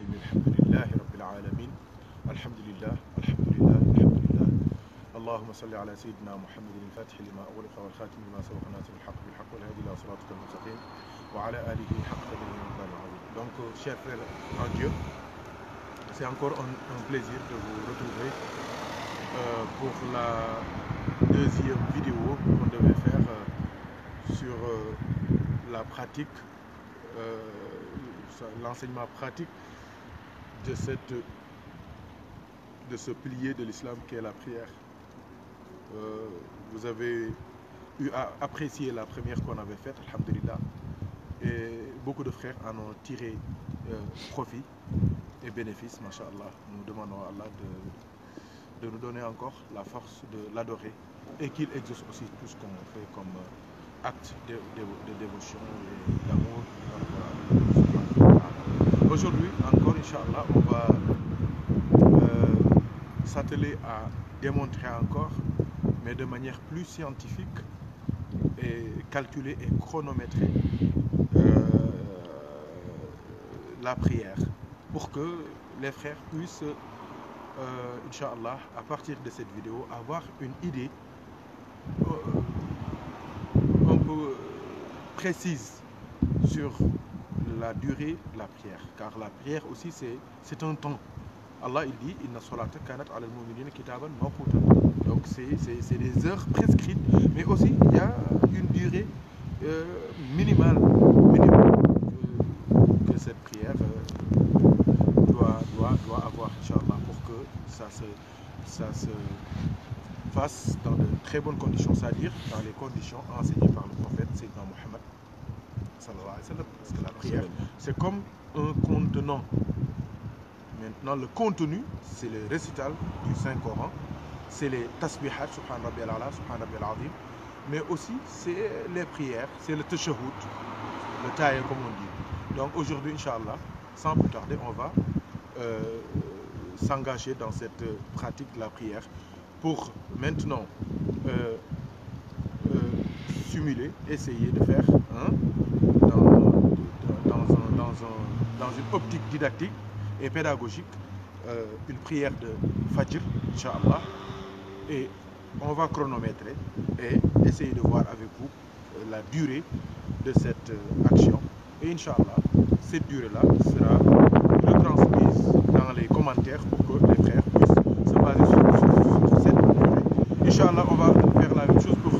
الرحيم الحمد لله رب العالمين الحمد لله الحمد لله الحمد لله اللهم صل على سيدنا محمد الفاتح لما أغلق والخاتم لما سبق ناصر الحق بالحق والهادي إلى صراطك المستقيم وعلى آله حق قدره ومقداره العظيم دونك شير frères راديو سي أنكور encore بليزير دو فو de vous لا دوزيام فيديو كون دوفي vidéo سور لا براتيك euh, l'enseignement pratique de, cette, de ce pilier de l'islam qui est la prière. Euh, vous avez eu à la première qu'on avait faite, alhamdulillah. Et beaucoup de frères en ont tiré euh, profit et bénéfice, mashallah. Nous demandons à Allah de, nous donner encore la force de l'adorer et qu'il exauce aussi tout ce qu'on fait comme euh, acte de, de, de dévotion et d'amour. Aujourd'hui encore, Inch'Allah, on va euh, s'atteler à démontrer encore, mais de manière plus scientifique, et calculer et chronométrer euh, la prière pour que les frères puissent, euh, Inch'Allah, à partir de cette vidéo, avoir une idée euh, un peu précise sur la durée de la prière. Car la prière aussi, c'est un temps. Allah, il dit, il n'a pas al kitaban Donc, c'est des heures prescrites, mais aussi, il y a une durée euh, minimale, que cette prière euh, doit, doit, avoir, pour que ça se, ça fasse dans de très bonnes conditions, c'est-à-dire dans les conditions enseignées par le prophète dans Mohamed la prière, c'est comme un contenant. Maintenant, le contenu, c'est le récital du Saint-Coran, c'est les tasbihat, mais aussi c'est les prières, c'est le tashahhud, le taïr comme on dit. Donc aujourd'hui, Inch'Allah, sans plus tarder, on va euh, s'engager dans cette pratique de la prière pour maintenant euh, euh, simuler, essayer de faire un. Hein, dans une optique didactique et pédagogique euh, une prière de Fajr, Inch'Allah. Et on va chronométrer et essayer de voir avec vous euh, la durée de cette euh, action. Et Inch'Allah, cette durée-là sera retransmise dans les commentaires pour que les frères puissent se baser sur, cette durée. Inch'Allah, on va faire la même chose pour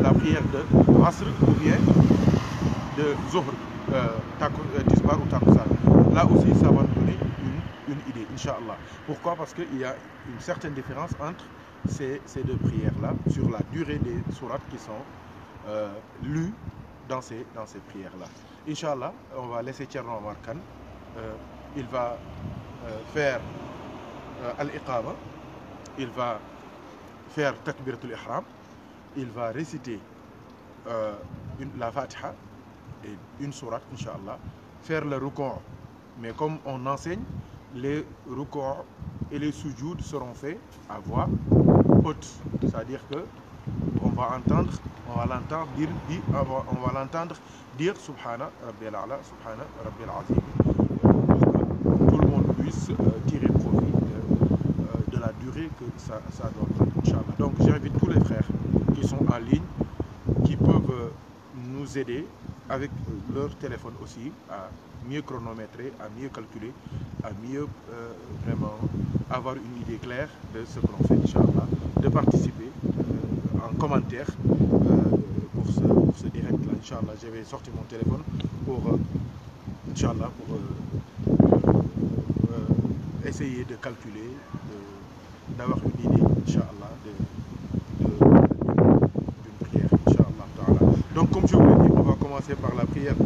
la prière de Asr ou bien de Zohr. Euh, euh, Là aussi, ça va nous donner une, idée, Inch'Allah. Pourquoi Parce qu'il y a une certaine différence entre ces, deux prières-là sur la durée des sourates qui sont euh, lues dans ces, prières-là. Inch'Allah, on va laisser Tierno Omar il va faire Al-Iqaba, il va faire Takbiratul Ihram, il va réciter la Fatiha et une sourate, Inch'Allah, faire le record. Mais comme on enseigne, les records et les sujoud seront faits à voix haute. C'est-à-dire que on va entendre, on va l'entendre dire, on va l'entendre dire Subhana pour que tout le monde puisse euh, tirer profit euh, euh, de, la durée que ça, ça doit prendre, Donc j'invite tous les frères qui sont en ligne, qui peuvent nous aider avec euh, leur téléphone aussi à mieux chronométrer, à mieux calculer, à mieux euh, vraiment avoir une idée claire de ce que l'on fait, Inch'Allah, de participer euh, en commentaire pour ce, direct là, J'avais sorti mon téléphone pour, pour essayer de calculer, d'avoir une par la prière de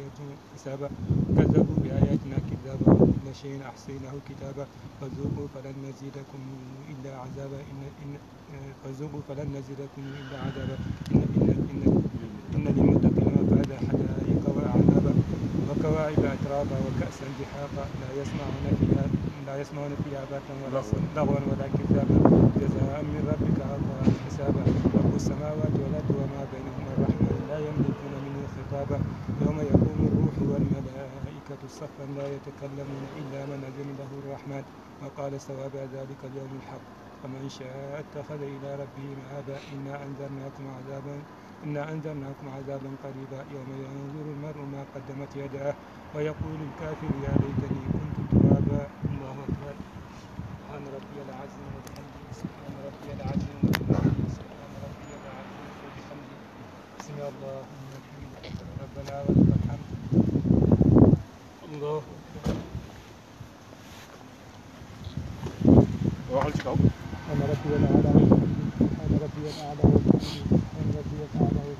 آياتنا حسابا كذبوا بآياتنا كذابا وكل شيء أحصيناه كتابا فذوقوا فلن نزيدكم إلا عذابا إن إن فذوقوا فلن نزيدكم إلا عذابا إن إن إن إن للمتقين مفازا حدائق وأعنابا وكواعب أترابا وكأسا دحاقا لا يسمعون فيها لا يسمعون فيها باتا ولا لغوا ولا كذابا جزاء من ربك عطاء حسابا رب السماوات والأرض وما بينهما الكتاب يوم يقوم الروح والملائكة صفا لا يتكلمون إلا من أذن له الرحمن وقال سواب ذلك اليوم الحق فمن شاء اتخذ إلى ربه مآبا إنا أنذرناكم عذابا إنا أنذرناكم عذابا قريبا يوم ينظر المرء ما قدمت يداه ويقول الكافر يا ليتني كنت ترابا الله أكبر سبحان ربي العظيم وبحمده سبحان ربي العظيم وبحمده سبحان ربي العظيم وبحمده بسم الله ربنا ولك الحمد الله وعلتك أنا ربي الأعلى سبحان ربي الأعلى وبحمده ربي الأعلى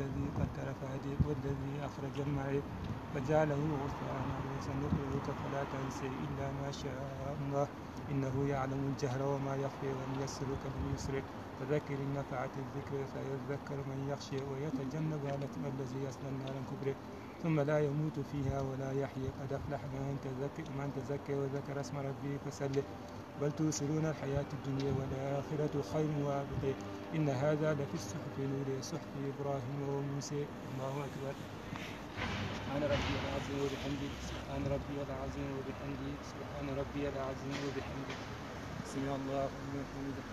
الذي قدر فهدي والذي أخرج المعيد فجعله غثاء وسنقرئك فلا تنسى إلا ما شاء الله إنه يعلم الجهر وما يخفي وليسرك باليسر فذكر إن الذكر فيذكر من يخشى ويتجنبها الذي يصنع النار الكبرى ثم لا يموت فيها ولا يحيى قد أفلح من تزكى من تزكى وذكر اسم ربه فسلم بل توصلون الحياة الدنيا والآخرة خير وأبقى إن هذا لفي الصحف الأولى صحف إبراهيم وموسى الله أكبر سبحان ربي العظيم وبحمده سبحان ربي العظيم وبحمده سبحان ربي العظيم وبحمده سمع الله لمن حمده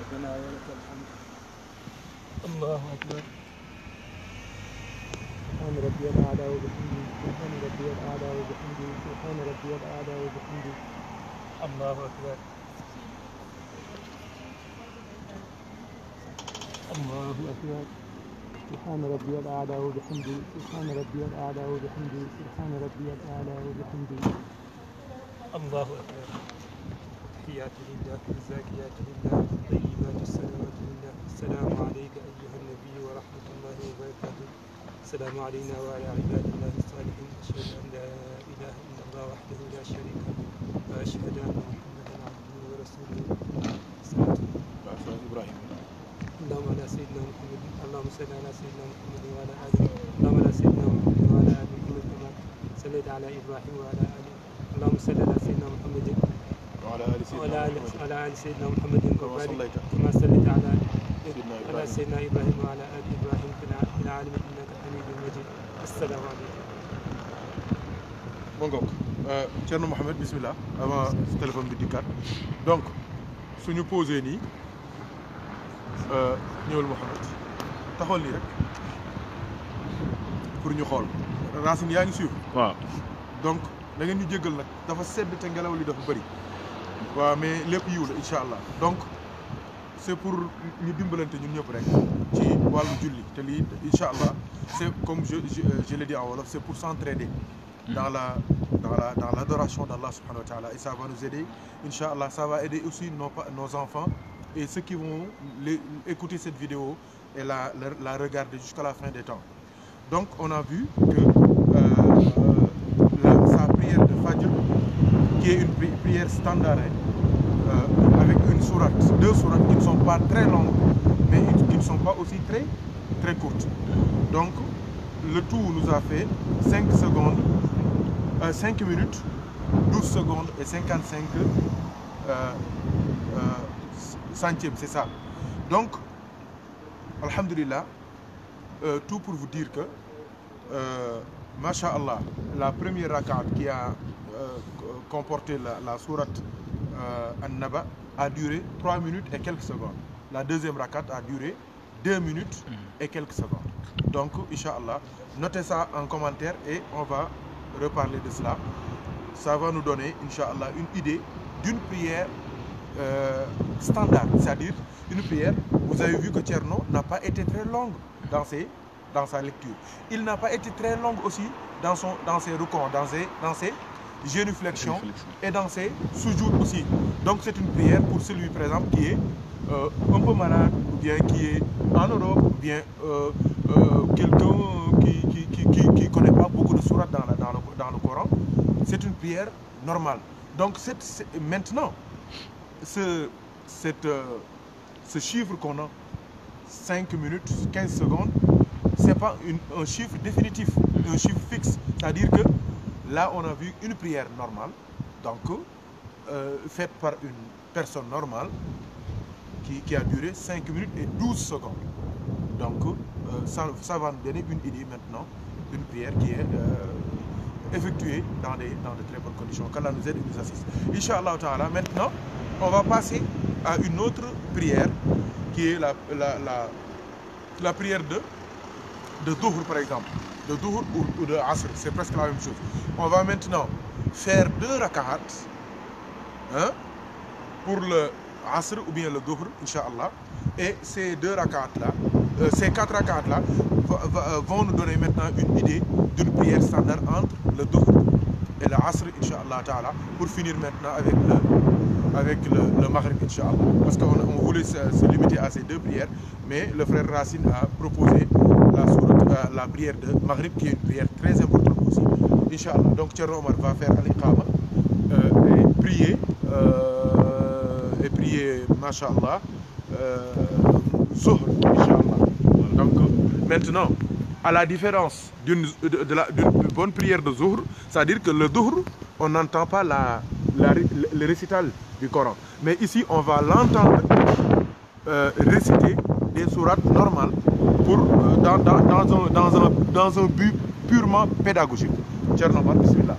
ربنا ولك الحمد الله أكبر سبحان ربي الأعلى وبحمده سبحان ربي الأعلى وبحمده سبحان ربي الأعلى وبحمده الله أكبر الله أكبر سبحان ربي الأعلى وبحمده سبحان ربي الأعلى وبحمده سبحان ربي الأعلى وبحمده الله أكبر تحيات لله الزاكيات لله الطيبات السلامات لله السلام عليك أيها النبي ورحمة الله وبركاته السلام علينا وعلى عباد الله الصالحين أشهد أن لا إله إلا الله وحده لا شريك له وأشهد أن محمدا عبده ورسوله إبراهيم اللهم على سيدنا محمد اللهم صل على سيدنا محمد وعلى آله اللهم على سيدنا محمد وعلى آله محمد كما صليت على إبراهيم وعلى آله اللهم صل على سيدنا محمد وعلى آل سيدنا وعلى وعلى آل سيدنا محمد كما صليت على سيدنا إبراهيم وعلى آل إبراهيم في العالمين إنك Hamidou Majid asalaamaaleykum. ma ngoog euh, Thierno Mohamed bismillah bi dikkaat donc suñu posé nii euh, ñëwal Mohamed taxawal nii rek pour ñu xool racine yaa ngi suivre. waaw donc da ngeen ñu jéggal nag dafa sedd te ngelaw li dafa bari waaw mais lépp yiw la incha allah donc. c'est pour ñu dimbalante ñun ñëpp rek ci walu julli té li inshallah c'est comme je je euh, je l'ai dit à c'est pour s'entraider dans la dans la dans l'adoration d'Allah subhanahu wa ta'ala et ça va nous aider inshallah ça va aider aussi nos nos enfants et ceux qui vont écouter cette vidéo et la la, regarder jusqu'à la fin des temps donc on a vu que euh, la, sa prière de Fajr qui est une prière standard hein, euh, avec une sourate, deux sourates qui ne sont pas très longues, mais qui ne sont pas aussi très, très courtes. Donc, le tout nous a fait 5 secondes, 5 euh, minutes, 12 secondes et 55 euh, centièmes, c'est ça. Donc, Alhamdulillah, tout pour vous dire que, euh, Masha'Allah, la première raquette qui a comporté la sourate Annaba euh, a duré 3 minutes et quelques secondes. La deuxième raquette a duré 2 minutes mm. et quelques secondes. Donc, Inch'Allah, notez ça en commentaire et on va reparler de cela. Ça va nous donner, Inch'Allah, une idée d'une prière euh, standard, c'est-à-dire une prière. Vous avez vu que Tcherno n'a pas été très longue dans, ses, dans sa lecture. Il n'a pas été très longue aussi dans, son, dans ses recours, dans ses, dans ses réflexion et danser sous-jour aussi. Donc c'est une prière pour celui, par exemple, qui est euh, un peu malade, ou bien qui est en Europe, ou bien euh, euh, quelqu'un qui ne connaît pas beaucoup de sourates dans, le, Coran. C'est une prière normale. Donc maintenant, ce, ce chiffre qu'on a, 5 minutes, 15 secondes, ce n'est pas un chiffre définitif, un chiffre fixe. C'est-à-dire que Là, on a vu une prière normale, donc euh, faite par une personne normale, qui, a duré 5 minutes et 12 secondes. Donc, euh, ça, va nous donner une idée maintenant une prière qui est euh, effectuée dans, de très bonnes conditions. Qu'Allah nous aide et nous assiste. Inch'Allah ta'ala, maintenant, on va passer à une autre prière qui est la, la prière de de Douhur par exemple, de Douhur ou, de Asr, c'est presque la même chose. On va maintenant faire deux rakahats hein, pour le Asr ou bien le Duhur Inch'Allah. Et ces deux rakahats-là, euh, ces quatre rakahats-là, euh, vont nous donner maintenant une idée d'une prière standard entre le Douhur et le Asr, Inch'Allah Ta'ala, pour finir maintenant avec le, avec le, Maghrib, Inch'Allah. Parce qu'on voulait se, limiter à ces deux prières, mais le frère Racine a proposé la sourate la prière de Maghrib, qui est une prière très importante aussi. Inch'Allah. Donc, Thierry Omar va faire Al-Iqama euh, et prier, euh, et prier, Masha'Allah, euh, Donc, maintenant, à la différence d'une bonne prière de Zuhr, c'est-à-dire que le Zuhr, on n'entend pas la, le récital du Coran. Mais ici, on va l'entendre euh, réciter des sourates normales pour, euh, dans, dans, dans, un, dans, un, dans un but purement pédagogique. Tchernobyl, bismillah.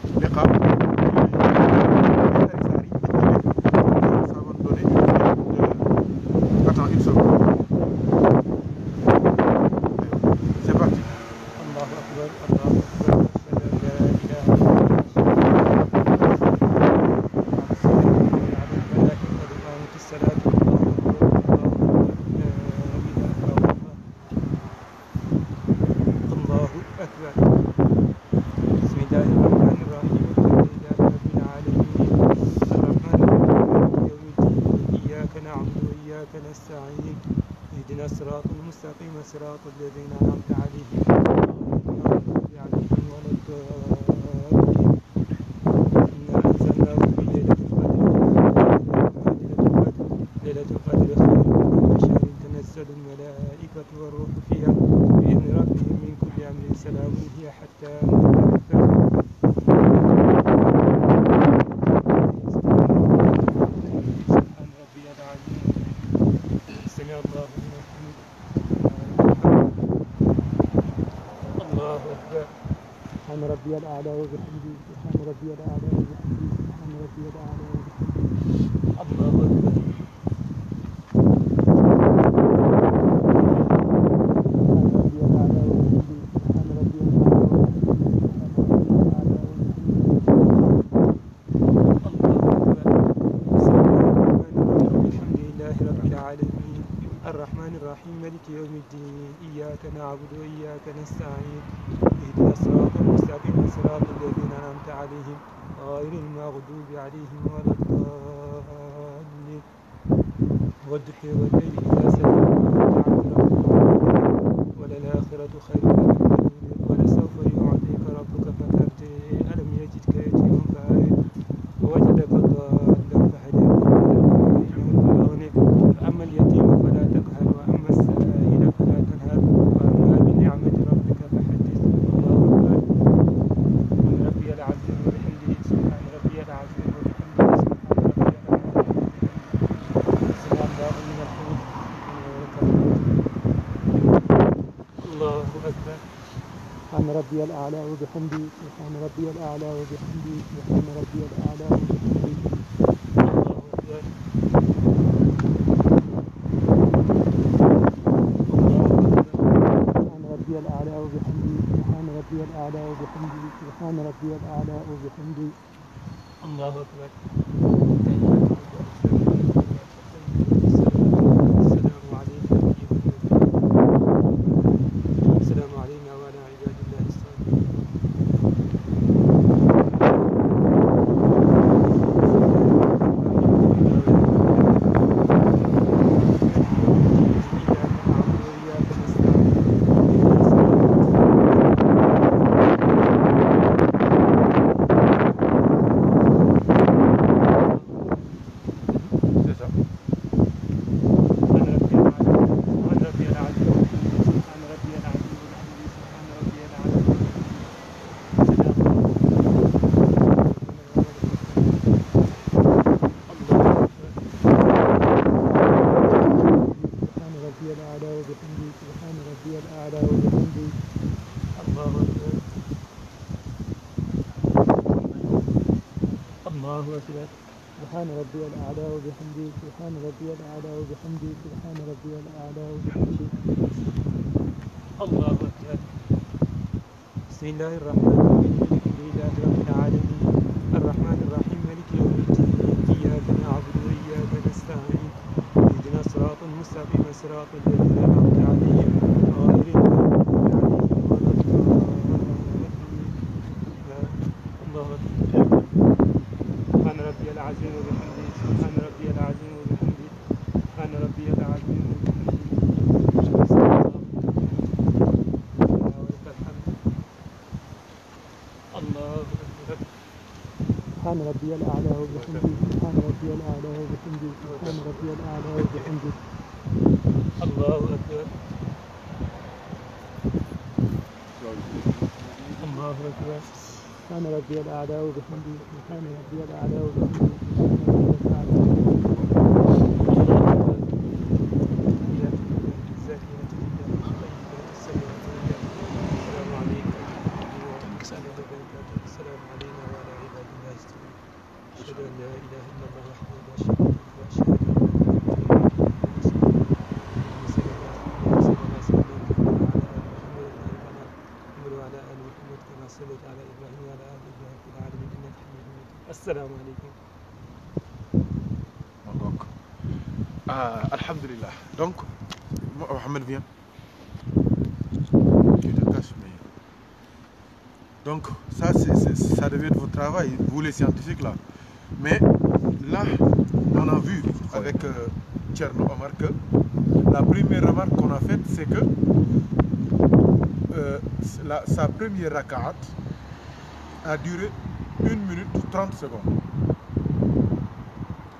صراط الذين ربي الأعلى وبحمده سبحان ربي الأعلى وبحمده سبحان ربي الأعلى وبحمده الله أكبر ربي الأعلى وبحمده سبحان ربي الأعلى وبحمده سبحان ربي الأعلى وبحمده الأعلى وبحمده سبحان ربي الأعلى وبحمده سبحان ربي الأعلى وبحمده الله أكبر سبحان ربي الأعلى وبحمده سبحان ربي الأعلى وبحمده سبحان ربي الأعلى وبحمده الله أكبر بسم الله الرحمن الرحيم سبحان ربي الأعلى وبحمده سبحان ربي الأعلى وبحمده سبحان ربي الأعلى وبحمده الله أكبر الله أكبر سبحان ربي الأعلى وبحمده سبحان ربي الأعلى وبحمده Ahmed, Donc, ça, c'est ça devait être votre travail, vous les scientifiques, là. Mais là, on a vu avec euh, la première remarque qu'on a faite, c'est que euh, sa première rakat a duré une minute 30 secondes.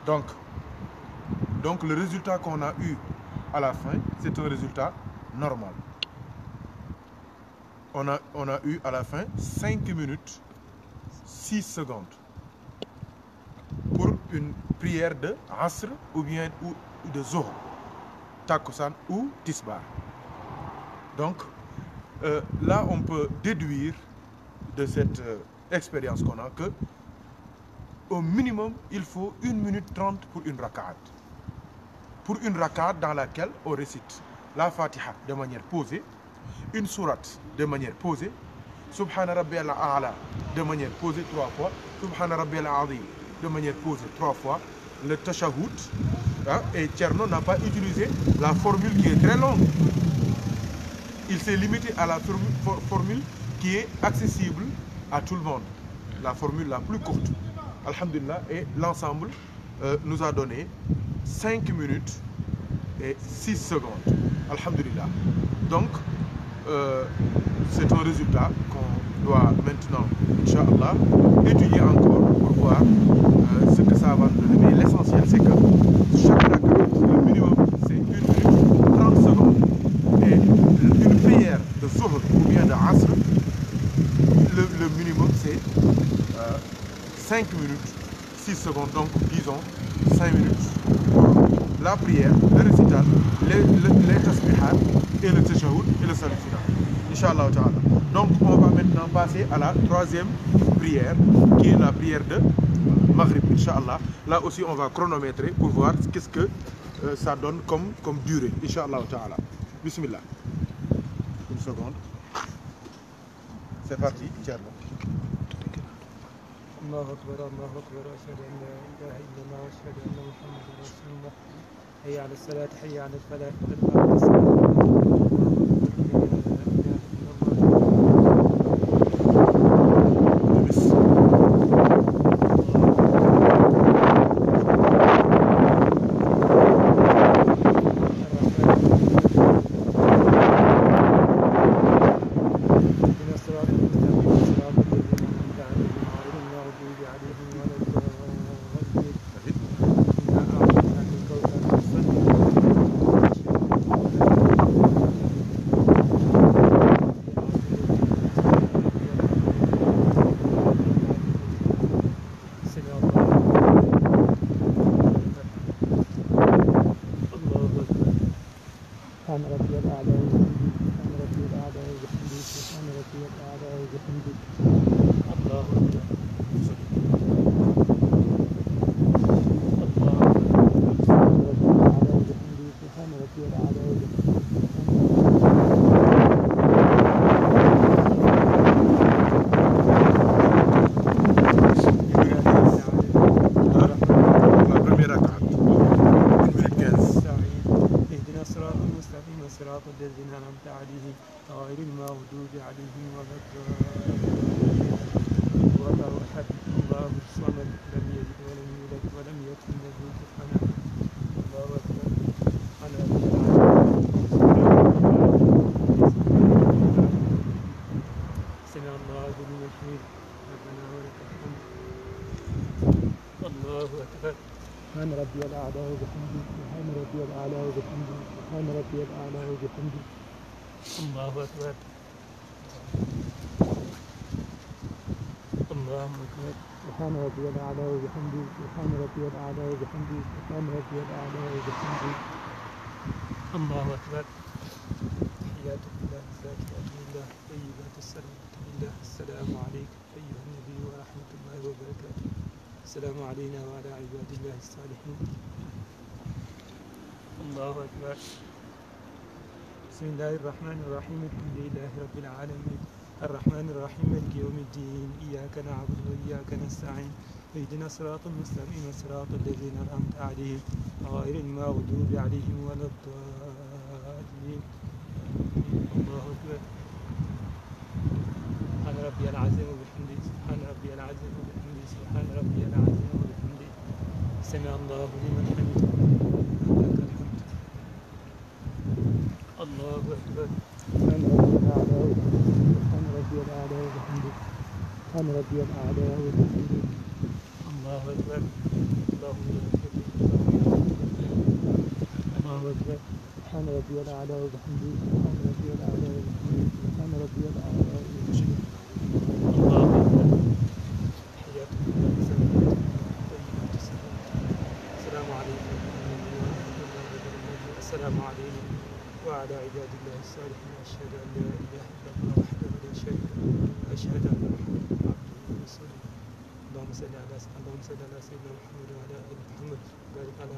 Donc, donc le résultat qu'on a eu à la fin, c'est un résultat normal. On a, on a eu à la fin 5 minutes 6 secondes pour une prière de Asr ou bien ou de Zohar, Takusan ou Tisbar. Donc euh, là, on peut déduire de cette euh, expérience qu'on a que au minimum, il faut 1 minute 30 pour une raka'at pour une raka dans laquelle on récite la Fatiha de manière posée, une sourate de manière posée, Subhana de manière posée trois fois, Subhana de manière posée trois fois, le Tashahhud, hein, et Tcherno n'a pas utilisé la formule qui est très longue. Il s'est limité à la formule qui est accessible à tout le monde, la formule la plus courte. Alhamdulillah, et l'ensemble euh, nous a donné 5 minutes et 6 secondes. Alhamdulillah. Donc, euh, c'est un résultat qu'on doit maintenant, Inch'Allah, étudier encore pour voir euh, ce que ça va donner. Mais l'essentiel, c'est que chaque rakat, le minimum, c'est 1 minute 30 secondes. Et une prière de Zuhr ou bien de Asr, le, minimum, c'est 5 euh, minutes, 6 secondes. Donc, disons 5 minutes la prière, le récital, les, les, et le tashahud et le salut final. Inch'Allah ta'ala. Donc on va maintenant passer à la troisième prière qui est la prière de Maghrib, Inch'Allah. Là aussi on va chronométrer pour voir ce que euh, ça donne comme, comme durée, Inch'Allah ta'ala. Bismillah. Une seconde. C'est parti, Inch'Allah. الله أكبر الله أكبر أشهد أن لا إله إلا الله وأشهد أن محمدا رسول الله حي على الصلاة حي على الفلاح الله اكبر الله أكبر تحيات الله الزاكيات الله طيبات السلامة الله السلام عليك أيها النبي ورحمة الله وبركاته السلام علينا وعلى عباد الله الصالحين الله أكبر بسم الله الرحمن الرحيم الحمد لله رب العالمين الرحمن الرحيم مالك يوم الدين إياك نعبد وإياك نستعين اهدنا صراط المستقيم صراط الذين أنعمت عليهم غير المغضوب عليهم ولا الضالين الله أكبر سبحان ربي العظيم وبحمده سبحان ربي العظيم وبحمده سبحان ربي العظيم وبحمده سمع الله لمن حمده لك الحمد الله أكبر سبحان ربي الأعلى سبحان ربي الأعلى وبحمده سبحان ربي الأعلى وبحمده الله أكبر اللهم الله أكبر الله أكبر سبحان ربي الأعلى وبحمده سبحان ربي الأعلى وبحمده سبحان ربي الأعلى الله السلام عليكم ورحمة الله وبركاته السلام علينا وعلى عباد الله الصالحين أشهد أن لا إله إلا الله وحده لا شريك له أشهد أن محمدا عبده ورسوله اللهم صل على اللهم على سيدنا محمد وعلى آل محمد وبارك على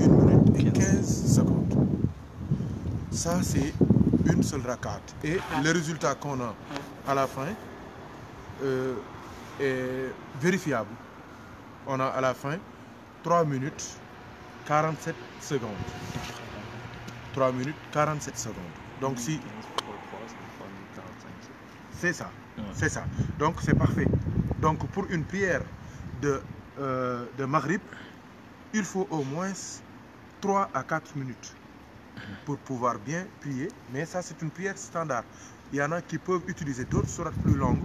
1 minute et 15 secondes. Ça, c'est une seule racate Et le résultat qu'on a à la fin euh, est vérifiable. On a à la fin 3 minutes 47 secondes. 3 minutes 47 secondes. Donc si... C'est ça, c'est ça. Donc c'est parfait. Donc pour une prière de, euh, de Maghrib, il faut au moins 3 à 4 minutes pour pouvoir bien prier. Mais ça, c'est une prière standard. Il y en a qui peuvent utiliser d'autres sourates plus longues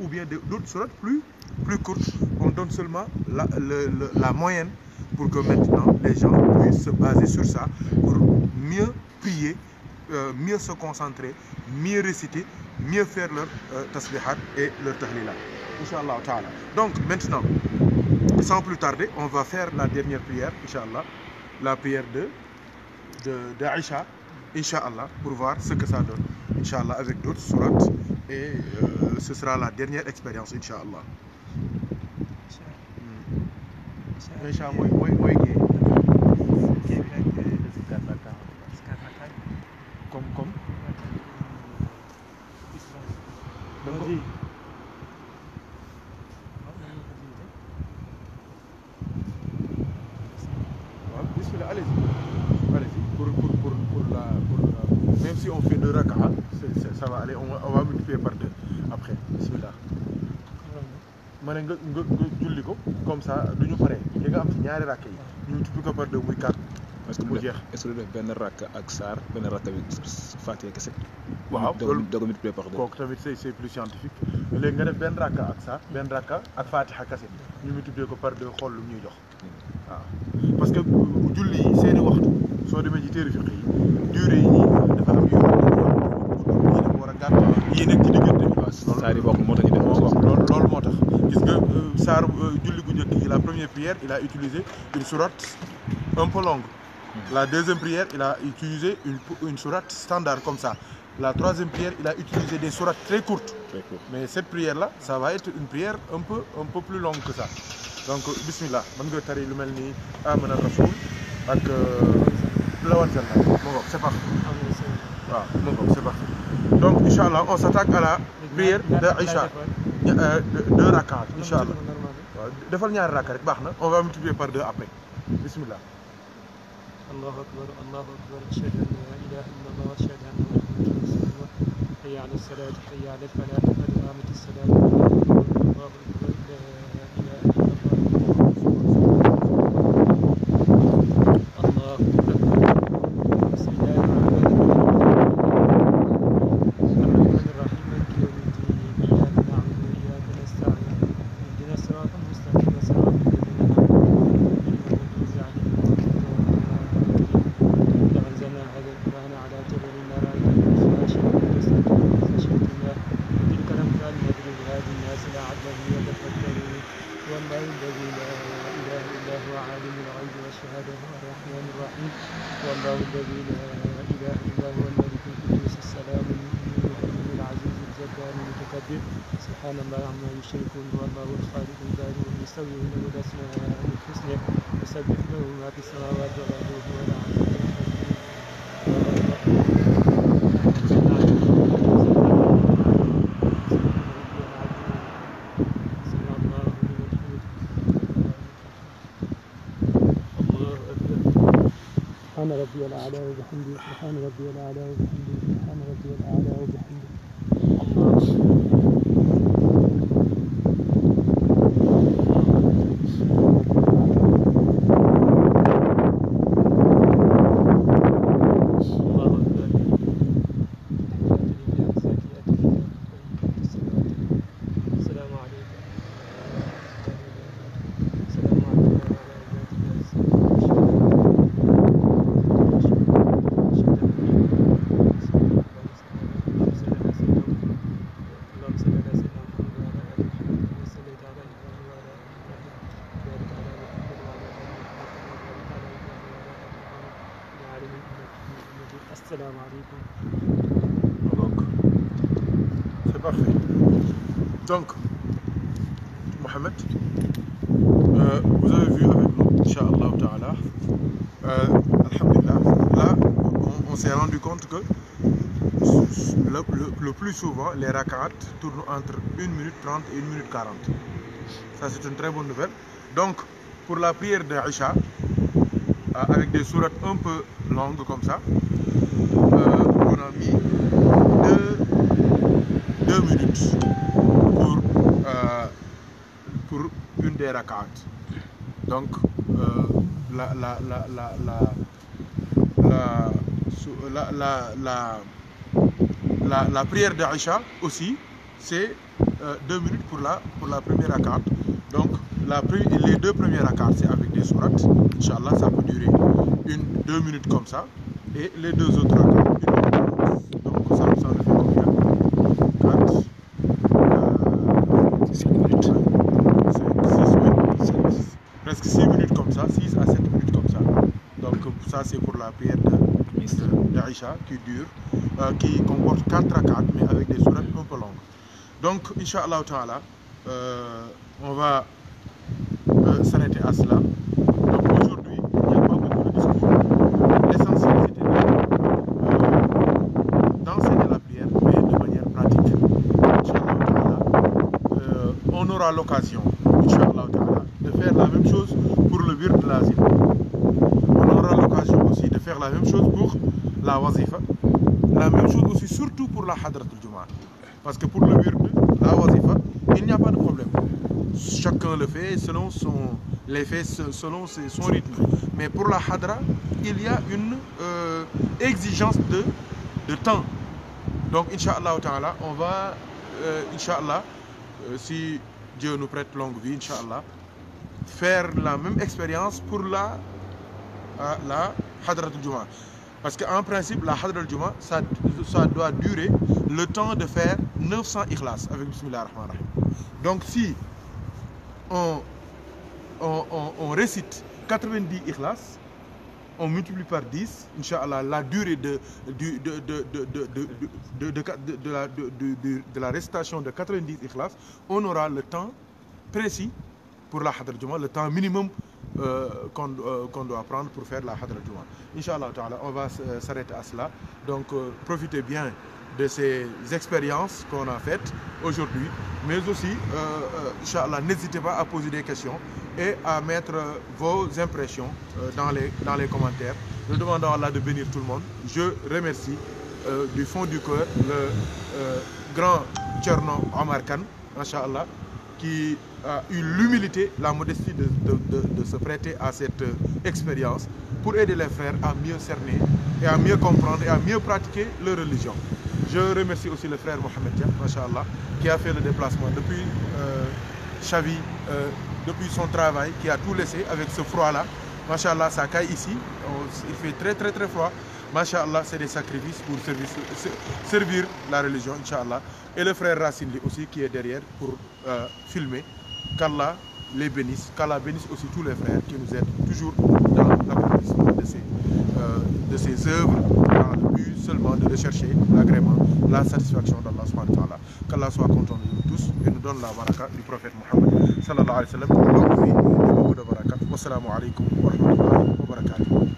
ou bien d'autres sourates plus, plus courtes. On donne seulement la, moyenne pour que maintenant les gens puissent se baser sur ça pour mieux prier, euh, mieux se concentrer, mieux réciter, mieux faire leur euh, tasbihat et leur tahlila. Donc maintenant, sans plus tarder, on va faire la dernière prière, Inch'Allah la pierre de, de, Inch'Allah, pour voir ce que ça donne. Inch'Allah, avec d'autres sourates. Et euh, ce sera la dernière expérience, hmm. Inch'Allah. Inch'Allah. Inch'Allah. ma ne nga nga nga julli ko comme ça du ñu pare li nga am ci ñaari rakk yi ñu tudd ko par deux muy quatre. mu jeex est lu def benn rakk ak saar benn rakk bi fàttee kese. ñu ngi tuddee ko par deux xool lu ñuy jox waaw parce que julli yi waxtu soo demee ci téere fiq yi durée yi dafa a gàtt yi nekk moo tax Euh, euh, la première prière il a utilisé une sourate un peu longue hmm. la deuxième prière il a utilisé une une sourate standard comme ça la troisième prière il a utilisé des sourates très courtes mais cette prière là ça va être une prière un peu un peu plus longue que ça donc euh, bismillah man nga tari lu ak waaw mu ngoog c'est parti donc incha allah on s'attaque à la prière de Aïcha deux rakats incha allah waaw defal ñaari rakka rek baax na on va multiplier par deux après bismillah الله أكبر الله أكبر أشهد أن لا إله إلا الله وأشهد أن محمدا رسول الله حي على الصلاة حي على الفلاح قد قامت الصلاة الله أكبر لا الله الذي لا اله الا هو عالم الغيب والشهاده هو الرحمن الرحيم والله الذي لا اله الا هو الملك القدوس السلام المؤمن العزيز الجبار المتكبر سبحان الله عما يشركون والله الخالق البارئ المستوي له الاسماء الحسنى يسبح له ما في السماوات والارض وهو العزيز ربي الأعلى وبحمده سبحان ربي الأعلى وبحمده سبحان ربي الأعلى وبحمده Donc, Mohamed, euh, vous avez vu avec nous, Inch'Allah Ta'ala, euh, là, on, s'est rendu compte que le, plus souvent, les rak'at tournent entre 1 minute 30 et 1 minute 40. Ça, c'est une très bonne nouvelle. Donc, pour la prière de Aisha, euh, avec des sourates un peu longues comme ça, les rak'at. Donc, euh, la, la, la, la, la la la la prière d'Aïcha aussi, c'est euh, deux minutes pour la, pour la première rak'at. Donc, la, les deux premières rak'at, c'est avec des sourates. Inch'Allah, ça peut durer une, deux minutes comme ça. Et les deux autres rak'at, c'est pour la prière d'Aïcha qui dure, euh, qui comporte 4 à 4, mais avec des sourates un peu longues. Donc, Inch'Allah euh, on va euh, s'arrêter à cela. Donc aujourd'hui, il n'y a pas beaucoup de discussions L'essentiel c'était d'enseigner la prière, mais de manière pratique. Inch'Allah on aura l'occasion, Inch'Allah de faire la même chose la même chose aussi, surtout pour la hadra al Parce que pour le wird, la wazifa, il n'y a pas de problème. Chacun le fait selon son, les selon son rythme. Mais pour la Hadra, il y a une euh, exigence de, de temps. Donc, Inch'Allah, on va, euh, Inch'Allah, euh, si Dieu nous prête longue vie, Inch'Allah, faire la même expérience pour la, la Hadrat parce qu'en principe, la Hadra al ça, doit durer le temps de faire 900 ikhlas avec Bismillah ar-Rahman rahim Donc si on, récite 90 ikhlas, on multiplie par 10, la durée de, la, récitation de 90 ikhlas, on aura le temps précis pour la Hadra al le temps minimum euh, euh, qu'on doit prendre pour faire la Hadra Juma. Inch'Allah, on va euh, s'arrêter à cela. Donc, profitez bien de ces expériences qu'on a faites aujourd'hui, mais aussi, Inch'Allah, n'hésitez pas à poser des questions et à mettre vos impressions dans les, dans les commentaires. Nous demandons à Allah de bénir tout le monde. Je remercie du fond du cœur le grand Tcherno Amarkan qui a eu l'humilité, la modestie de, se prêter à cette euh, expérience pour aider les frères à mieux cerner et à mieux comprendre et à mieux pratiquer leur religion. Je remercie aussi le frère Mohamed machallah qui a fait le déplacement depuis euh, euh, depuis son travail, qui a tout laissé avec ce froid-là. Machallah, ça caille ici, il fait très très très froid. Masha'Allah, c'est des sacrifices pour servir, la religion, Inch'Allah. Et le frère Racine aussi qui est derrière pour euh, filmer. Qu'Allah les bénisse, qu'Allah bénisse aussi tous les frères qui nous aident toujours dans l'accomplissement de, ces, euh, de ces œuvres, dans le but seulement de rechercher l'agrément, la satisfaction d'Allah subhanahu wa Qu'Allah soit content de nous tous et nous donne la baraka du prophète Mohammed sallallahu alayhi wa sallam. Beaucoup de baraka. alaikum wa rahmatullahi wa barakatuh.